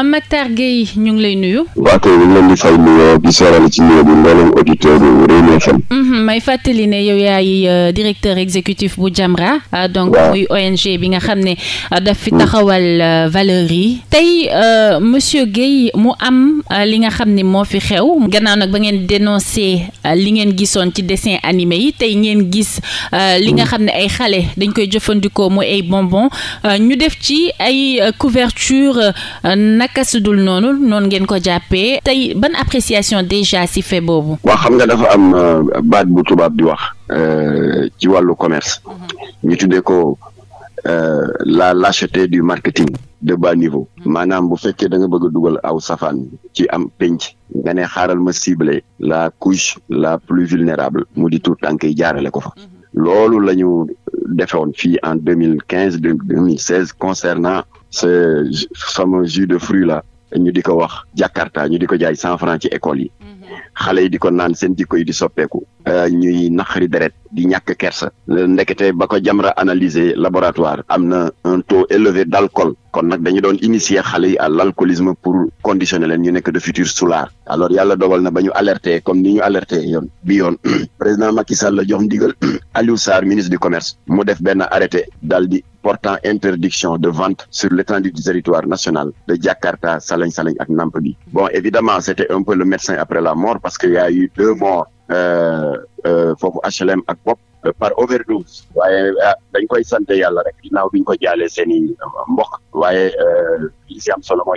Mame Mactar Guèye ñu ngi lay nuyu. waaw kay ñu ngi fay nuyoo di seeral ci nuyoo bi mbooleem auditeurs yu Rewmi mhm, may fàttali ne yow yaay euh, directeur exécutif bu Jamra. Euh, donc muy ONG bi nga xam ne euh, daf fi mm. taxawal valeurs yi. tey monsieur Guèye mu am li nga xam ne moo fi xew gannaaw nag ba ngeen dénoncé li ngeen gisoon ci dessin anime yi tey ngeen gis li nga mm. xam ne ay xale dañ koy jëfandikoo mooy ay bonbon ñu def ci ay couverture nag. naka sudul noonu noonu ngeen ko jàppee tey ban appréciation déjà si fait boobu. waaw xam nga dafa am euh, baat bu tubaab di wax euh, ci wàllu commerce mm-hmm. ñu tuddee ko euh, la lâcheté du marketing de bas niveau mm-hmm. maanaam bu fekkee da nga bëgg a dugal aw safaan ci am penc nga ne xaaral ma ciblé la couche la plus vulnérable mu di tuut tànk jaarale ko fa mm-hmm. loolu lañu defoon fii en deux mille quinze deux mille seize concernant ce fameux jus de fruit la ñu di ko wax Jakarta ñu di ko jaay cent francs ci école yi. Mm-hmm. xale yi di ko naan seen jikko yi di soppeeku euh, ñuy naqari deret di ñàkk kersa ndekete ba ko Jamra analyser laboratoire am na un taux élevé d'alcool kon nag dañu doon initier xale yi à l'alcoolisme pour conditionner leen ñu nekk de futurs soulards alors yàlla dogal na bañu ñu alerter comme ni ñu alerter yoon bi yoon président Macky Sall la jox ndigal Aliou Sarr ministre du commerce mu def benn arrêté daal di portant interdiction de vente sur l'étendue du territoire national de Jakarta, Saling Saling et Nampuli. Bon, évidemment, c'était un peu le médecin après la mort parce qu'il y a eu deux morts, euh, euh, HLM à Pop, par overdose waaye ah, dañ koy sant yàlla rek ginnaaw bi ñu ko jaalee seen i euh, mbokk waaye euh, li si am solo mooy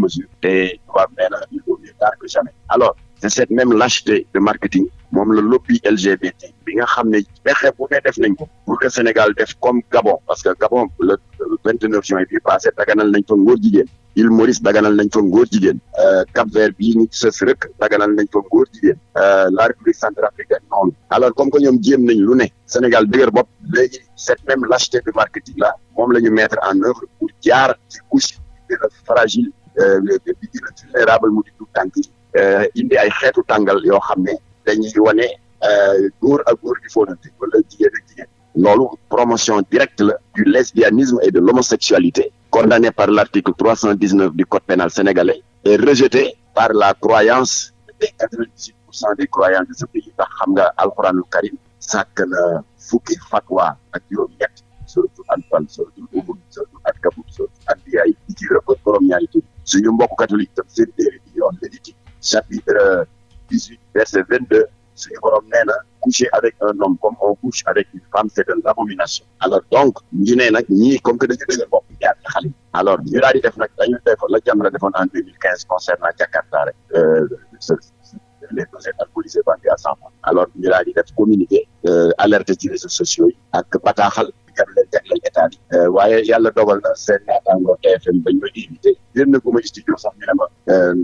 mesure te tubaab nee na il tard que jamais alors c'est cette même lâcheté de marketing moom la lobby LGBT bi nga xam ne pexe bu ne def nañ ko pour que Sénégal def comme Gabon parce que Gabon le vingt neuf juin bii passé daganal nañ fa ngóor jigéen Île Maurice daganal nañ fa ngóor jigéen euh, Cap Vert bii ñu sës rek daganal nañ fa ngóor jigéen euh, la République centrafricaine noonu alors comme que ñoom jéem nañ lu ne Sénégal dëgër bopp léegi cette même lâcheté du marketing là moom la ñu mettre en œuvre pour jaar ci couche bi la fragile bi euh, la vulnérable mu di tànk yi indi ay xeetu tàngal yoo xam ne dañuy wane euh, góor ak góor di fóonante wala jigéen ak jigéen loolu promotion directe la du lesbianisme et de l'homosexualité condamné par l'article 319 du code pénal sénégalais et rejeté par la croyance des 98 pour cent des croyants de ce pays ndax xam nga alxuraanul karim sàkk na fukki fatwa ak juróom ñett suratul anfal suratul ubud suñu mbokk catholique tam seen téere bi chapitre dix-huit verset vingt-deux suñu borom nee na coucher avec un homme comme on couche avec une femme c'est une abomination alors donc ñu nag ñi comme que dañu dëgër bopp jaar ci ñu daal di def nag dañu def la Jamra defoon en deux mille quinze concernant Jakarta rek euh, les projets a vendus à cent francs alors ñu daal def communiqué euh, alerté ci réseaux sociaux yi ak bataaxal jagleel jagleel euh, waaye yàlla dogal na seen naataango TFM bañ ma invité génn gu ma studio sax ñu ne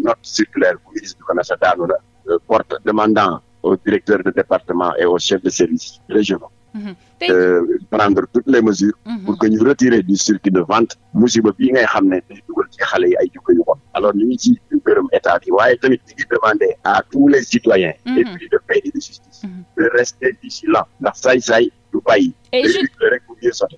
ma circulaire bu ministre du commerce daanu na porte demandant au directeur de département et au chef de service régionaux mmh. Euh, de prendre toutes les mesures mhm. pour que ñu retirer du circuit de vente musiba bii ngay xam ne day dugal ci xale yi ay jikko yu bon alors ñu ngi ci gërëm état bi waaye tamit ñu ngi demander à tous les citoyens épris mhm. de paix de justice mhm. de rester vigilant ndax saay-saay du bàyyi biir Saté.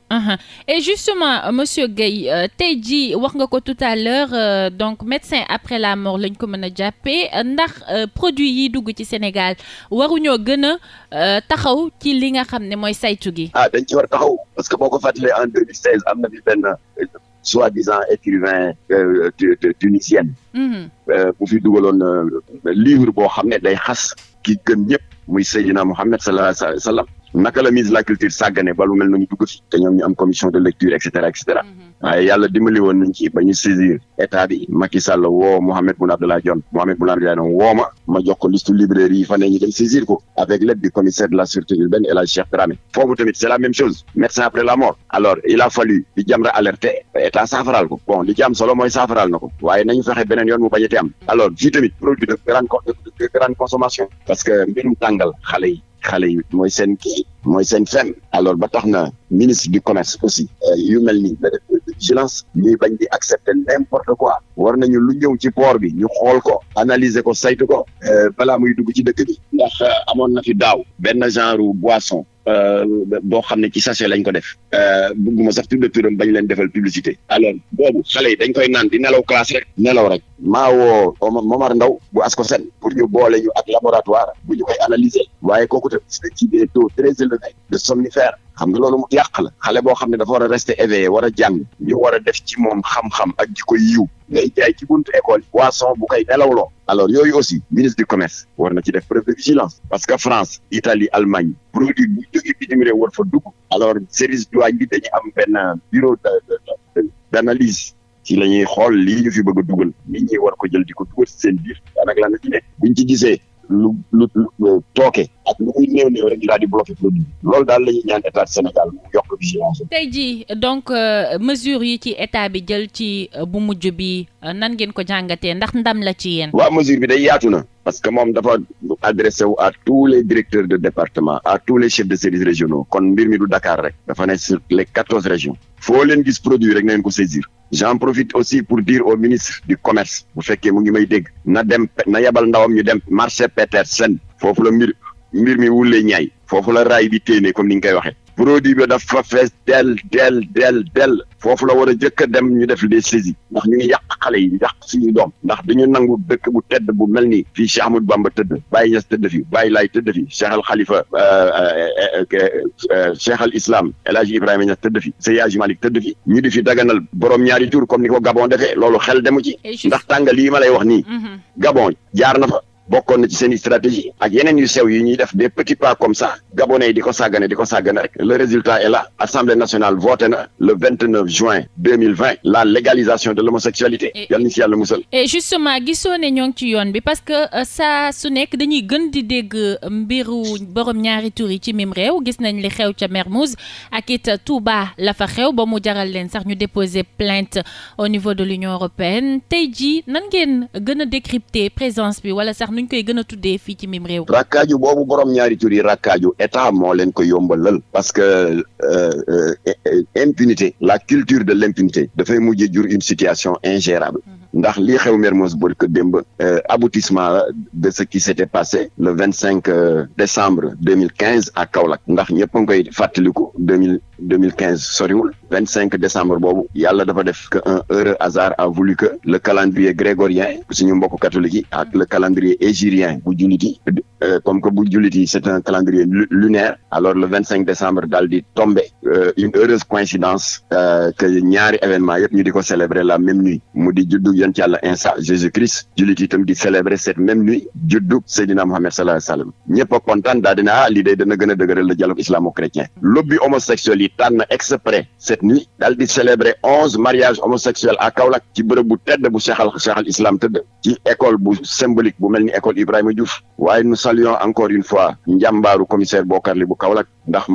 et justement euh, monsieur Guèye euh, tey jii wax nga ko tout à l'heure euh, donc médecin après la mort lañ ko mën a jàppee euh, ndax produit yi dugg ci Sénégal waruñoo gën a taxaw ci li nga xam ne mooy saytu gi. ah dañ ci war taxaw parce que boo ko fàttalee en 2016 am na fi benn soi-disant écrivain tunisienne. bu fi dugaloon livre boo xam ne day xas ki gën ñëpp muy Seydina Mohamed sallallahu alayhi wa naka la mise la culture sàggane ba lu mel noonu dugg fi te ñoom ñu am commission de lecture et cetera et cetera mm-hmm. waaye yàlla dimbali woon nañ ci ba ñu saisir état bi Macky Sall woo Mohamed Boun Abdallah Dionne Mohamed Boun Abdallah Dionne woo ma ma jox librairie yi ñu dem saisir ko avec l'aide du commissaire de la sûreté urbaine El Hadj Cheikh Dramé foofu tamit c'est la même chose médecin après la mort alors il a fallu di Jamra alerté état saafaraal ko bon li ci am solo mooy saafaraal na ko waaye nañu fexe beneen yoon mu bañ a te am alors fii tamit produit de grande de grande consommation parce que mbirum tàngal xale yi xale yi mooy seen kii mooy seen fen alors ba tax na ministre du commerce aussi euh, yu mel ni la def bañ di accepter n'importe quoi war nañu lu ñëw ci port bi ñu xool ko analyser ko saytu ko euh, balaa muy dugg ci dëkk bi ndax euh, amoon na fi daaw benn genre boisson Euh, boo xam ne ci sachet lañ ko def euh, bugguma sax tur turam bañ leen defal publicité alors boobu xale yi dañ koy naan di nelaw classe rek nelaw rek maa woo Momar Ndaw bu ASCOSEN pour ñu boole ñu ak laboratoire bu ñu koy analyser waaye kooku tamit ci des taux très élevés de somnifères xam nga loolu mu yàq la xale boo xam ne dafa war a rester éveillé war a jàng ñu war a def ci moom xam-xam ak ji ko yiw ngay jaay ci buntu école yi poisson bu koy nelawloo alors yooyu aussi ministre du commerce war na ci def preuve de vigilance parce que France Italie Allemagne produit bu jóge bitim réew war fa dugg alors service douane bi dañu am benn bureau d'analyse ci la ñuy xool lii ñu fi bëgg a dugal nit ñi war ko jël di ko dugal seen biir daanaka la na ci ne buñ ci gisee lu lu tooke ak lu muy néew néew rek daal di bloqué produit loolu daal la ñaan état Sénégal mu yokk vigilance tey jii donc euh, mesure yi ci état bi jël ci euh, bu mujj bi euh, nan ngeen ko jàngatee ndax ndam la ci yéen. waaw mesure bi day yaatu na. parce que moom dafa adressé wu à tous les directeurs de département à tous les chefs de services régionaux kon mbir mi du Dakar rek dafa ne sur les quatorze régions foo leen gis produit rek na leen ko saisir j'en profite aussi pour dire au ministre du commerce bu fekkee mu ngi may dégg na dem na yebal ndawam ñu dem marché Petersen foofu la mbir mi wulee ñaay foofu la raay bi téenee comme ni nga koy waxee produit bi dafa fees del del del del foofu la war a jëkk dem ñu def les saisies ndax ñu ngi yàq xale yi yàq suñu doom ndax dañu nangu dëkk bu tedd bu mel ni fii Cheikh Ahmadou Bamba tëdd Baye Niass tëdd fi Baye Laay tëdd fi Cheikh al Khalifa euh, euh, euh, Cheikh al Islam El Hadj Ibrahima Niass tëdd fi Seydi Hadji Malick tëdd fi ñu di fi daganal borom ñaari tur comme ni ko Gabon defee loolu xel demu ci ndax tàngal lii ma lay wax nii mm-hmm. bokkoon na ci seen stratégie ak yeneen yu sew yi ñuy def des petits pas comme ça gabonais yi di ko sàggane di ko le résultat est là assemblée nationale voté na le vingt juin la légalisation de l'homosexualité yal na si yàlla musal. et justement gisoo ne ñoo ci yoon bi parce que euh, saa su nekk dañuy gën di dégg euh, mbiru borom ñaari tur ci mim réew gis nañ li xew ca Mermoz ak it Touba la fa xew ba mu jaral leen sax ñu déposer plainte au niveau de l'Union européenne tey jii a nuñ koy gën a tuddee fii ci mim réew. rakkaaju boobu borom ñaari tur yi rakkaaju état moo leen ko yombalal parce que euh, euh, euh, impunité la culture de l'impunité dafay mujj jur une situation ingérable. Hmm. ndax lii xew Mermoz Berk démb euh, aboutissement la de ce qui s'était passé le vingt cinq euh, décembre deux mille quinze à Kaolack ndax ñëpp ngi koy fàttaliku deux mille deux mille quinze soriwul vingt cinq décembre boobu yàlla dafa def que un heureux hasard a le calendrier grégorien suñu mbokk catholique yi ak le calendrier hégirien bu jullit yi euh, comme que bu jullit yi un calendrier lunaire alors le vingt cinq décembre daal di tombé une heureuse coïncidence que ñaari événement yëpp ñu di ko célébrer la même nuit mu di juddu yonent yàlla Isa Jésus Christ jullit yi tamit di célébrer cette même nuit juddub Seydina Mohamed sallallahu alayhi wa sallam ñëpp a kontaan daa ah, dana gën a dëgëral le islamo-chrétien lobby homosexuel yi tànn exprès cette nuit daal di célébrer onze mariages homosexuels à Kaolack ci bërëb bu tedd bu Cheikh al Islam tëdd ci école bu symbolique bu mel ni école Ibrahima Diouf waaye nous saluons encore une fois njàmbaaru commissaire Bokarli bu Kaolack ndax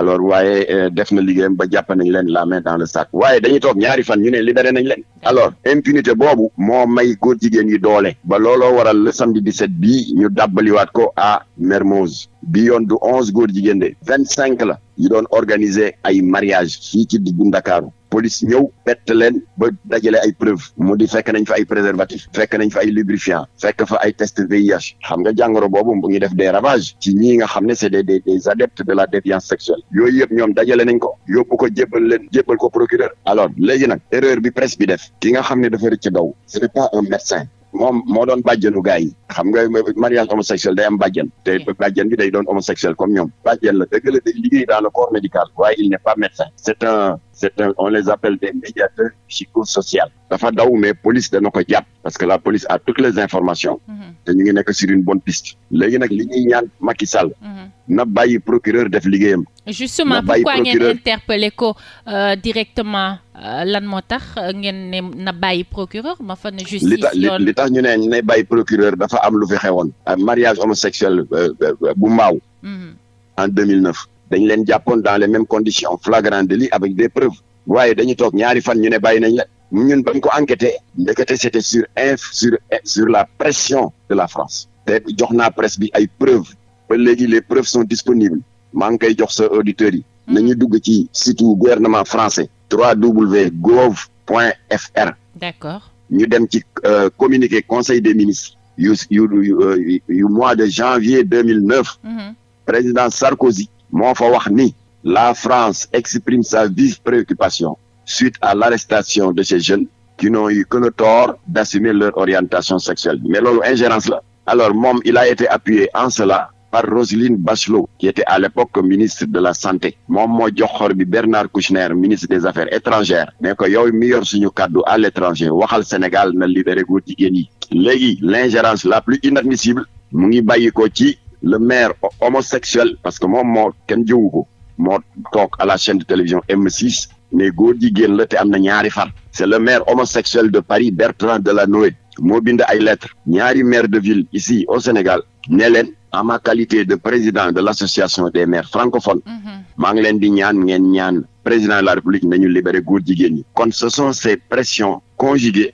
alors waaye euh, def na liggéeyam ba jàpp nañ leen la main dans le sac waaye dañuy toog ñaari fan ñu ne libéré nañ leen alors impunité boobu moo may góor jigéen yi doole ba looloo waral le samedi 17 bii ñu dàbbaliwaat ko à Mermoz bi yoon du onze góor jigéen de vingt cinq la yu doon organiser ay mariage fii ci diggu Ndakaaru police ñëw bett leen ba dajale ay preuve mu di fekk nañ fa ay préservatif fekk nañ fa ay lubrifiant fekk fa ay test VIH xam nga jàngoro boobu mu ngi def de ravages ci ñii nga xam ne c'est des des des adeptes de la déviance sexuelle yooyu yëpp ñoom dajale nañ ko yóbbu ko jébbal leen jébbal ko procureur alors léegi nag erreur bi presse bi def ki nga xam ne dafa rëcc daw ce n'est pas un médecin moom moo doon bàjjenu gars yi xam nga mariage homosexuel day am bàjjen te bàjjen bi day doon homosexuel comme ñoom bàjjen la dëgg la day liggéey dans le on les appelle des médiateurs psychosociaux dafa daw mais police dana ko jàpp parce que la police a toutes les informations mhm. te ñu ngi nekk sur une bonne piste léegi nag li ñuy ñaan Macky Sall mhm. na bàyyi procureur def liggéeyam justement pourquoi ngeen interpellé ko euh, directement euh, lan moo tax ngeen ne na bàyyi procureur ma fa ne justice yoon li tax ñu ne ne bàyyi procureur dafa am lu fi xewoon mariage homosexuel euh, bu maaw mhm. en 2009 dañu leen jàppoon dans les mêmes conditions flagrant délit avec des preuves waaye dañu toog ñaari fan ñu ne bàyyi nañ la ñun bañ ko enquêté ndekete c'était sur inf sur sur la pression de la France te jox naa presse bi ay preuves ba léegi les preuves sont disponibles maa ngi koy jox sa auditeurs yi mm. nañu dugg ci site gouvernement français www.gouv.fr d'accord ñu dem ci euh, communiqué conseil des ministres yu yu euh, mois de janvier 2009 mm-hmm. président Sarkozy moo fa wax ni la France exprime sa vive préoccupation suite à l'arrestation de ces jeunes qui n'ont eu que le tort d'assumer leur orientation sexuelle mais loolu ingérence la alors moom il a été appuyé en cela par Roselyne Bachelot qui était à l'époque ministre de la santé moom moo jox xor bi Bernard Kouchner ministre des affaires étrangères ne ko yow mi yor suñu kàddu à l'étranger waxal Sénégal na libéré góor jigéen yi léegi l'ingérence la plus inadmissible mu ngi bàyyi ci le maire homosexuel parce que moom moo kenn jëwu ko moo toog à la chaîne de télévision M6 ne góor jigéen la te am na ñaari far c'est le maire homosexuel de Paris Bertrand Delanoë moo bind ay lettres ñaari maire de ville ici au Sénégal ne leen en ma qualité de président de l'association des maires francophones mhm. maa ngi leen di ñaan ngeen ñaan président de la République nañu libéré góor jigéen ñi kon ce sont ces pressions conjuguées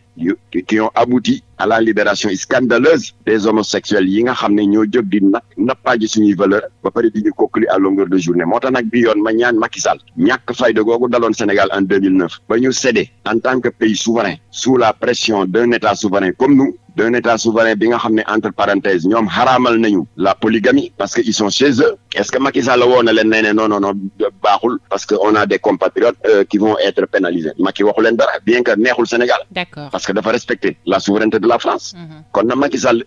qui ont abouti à la libération scandaleuse des homosexuels yi nga xam ne ñoo jóg di na nappaaji suñuy valeur ba pare di ñu kokkali à longueur de journée moo tax bi yoon ma ñaan Macky Sall ñàkk fayda googu daloon Sénégal en ba ñu cédé en tant que pays souverain sous la pression d'un état souverain comme nous d'un état souverain bi nga xam ne entre parenthèses ñoom xaraamal nañu la polygamie parce que ils sont chez eux est-ce que Macky a des compatriotes euh, qui vont être pénalisés la France. Mhm. kon na Macky Sall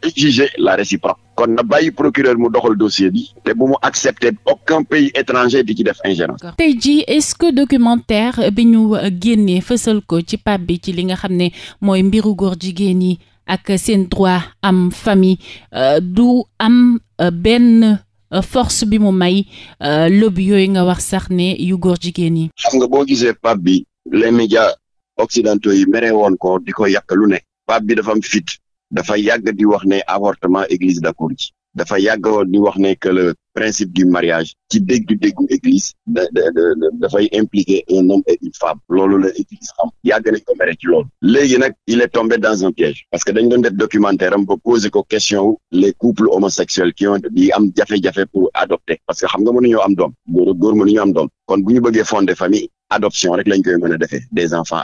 la réciproque. kon na bàyyi procureur mu doxal dossier bi. te bu mu accepter aucun pays étranger di ci def ingérence. tey jii est-ce que documentaire bi ñu euh, génnee fësal ko ci pap bi ci li nga xam ne mooy mbiru góor jigéen yi ak seen droit am famille euh, du am euh, benn. force bi mu may lobby yooyu nga wax sax ne yu góor jigéen yi. xam nga boo gisee Pape bi les médias occidentaux yi meree woon ko di ko yàq lu ne. pape bi dafa am fit dafa yàgg di wax ne avortement église d'accord ci dafa yàgg di wax ne que le principe du mariage ci dégg-déggu église da dafay impliquer un homme et une femme loolu la église xam yàgg nañ ko mere ci loolu léegi nag il est tombé dans un piège parce que dañ doon def documentaire am ba poser ko question wu les couples homosexuels qui am jafe-jafe pour adopter parce que xam nga mënuñoo am doom góor góor mënuñoo am doom kon bu ñu bëggee de famille adoption rek lañ koy mën a defee des enfants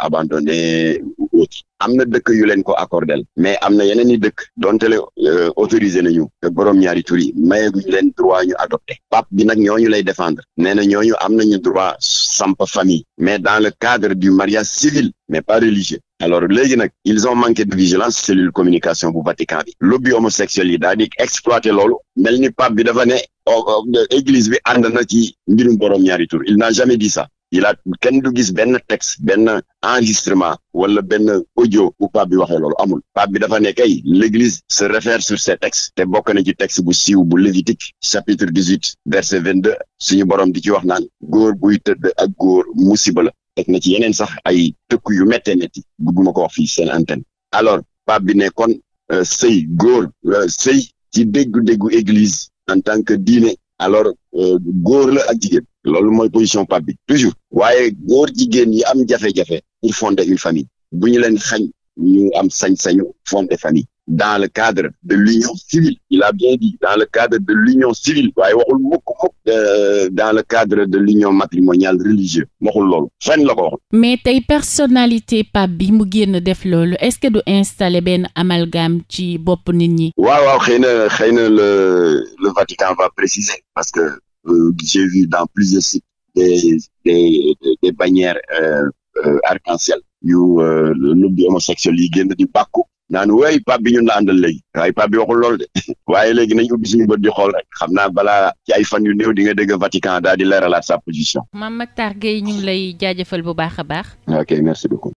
wut am na dëkk yu leen ko accordel mais am na yeneen i dëkk donte le euh, autorisé nañu borom ñaari tur yi mayeeguñu leen droit ñu adopté pape bi nag ñooñu lay défendre nee na ñooñu am ñu droit samp famille mais dans le cadre du mariage civil mais pas religieux alors léegi nag ils ont manqué de vigilance cellule communication bu Vatican bi lobby homosexuel yi daal di exploité loolu mel ni pape bi dafa ne oh, oh, église bi ànd na ci mbirum borom ñaari tur il n'a jamais di sa il a kenn du gis benn texte benn enregistrement wala benn audio u pape bi waxee loolu amul pape bi dafa ne kay l'église se réfère sur ces textes te bokk na ci texte bu siiw bu Lévitique chapitre dix-huit verset vingt-deux suñu borom di ci wax naan góor buy tëdd ak góor musiba la teg na ci yeneen sax ay tëkku yu méttee métti bugguma ko wax fii seen antenne alors pape bi ne kon euh, sëy góor euh, sëy ci déggu-déggu église en tant que dine alors euh, góor la ak jigéen loolu mooy position Pape bi toujours waaye góor jigéen yi am jafe-jafe pour fonder une famille bu ñu leen xañ ñu am sañ-sañu fonder famille dans le cadre de l'union civile il a bien dit dans le cadre de l'union civile waaye waxul mukk mukk euh, dans le cadre de l'union matrimoniale religieuse waxul loolu fenn la ko mais tey personnalité Pape bi mu génn def loolu est-ce que du installé benn amalgame ci bopp nit ñi waaw waaw xëy na xëy na le le Vatican va préciser parce que Euh, j'ai vu dans plusieurs sites des des des bannières euh, euh, arc-en-ciel yu lub bi homosexuels yi génn di bàkku naan way pap bi ñu naandal léegi waaye pap bi waxul lool de waaye léegi nañ ubbi suñu bët di xool rek xam naa balaa ci ay fan yu néew di nga dégg Vatican daal di leeralaat sa position. Mame Mactar Guèye ñu ngi lay jaajafal bu baax a baax. ok merci beaucoup.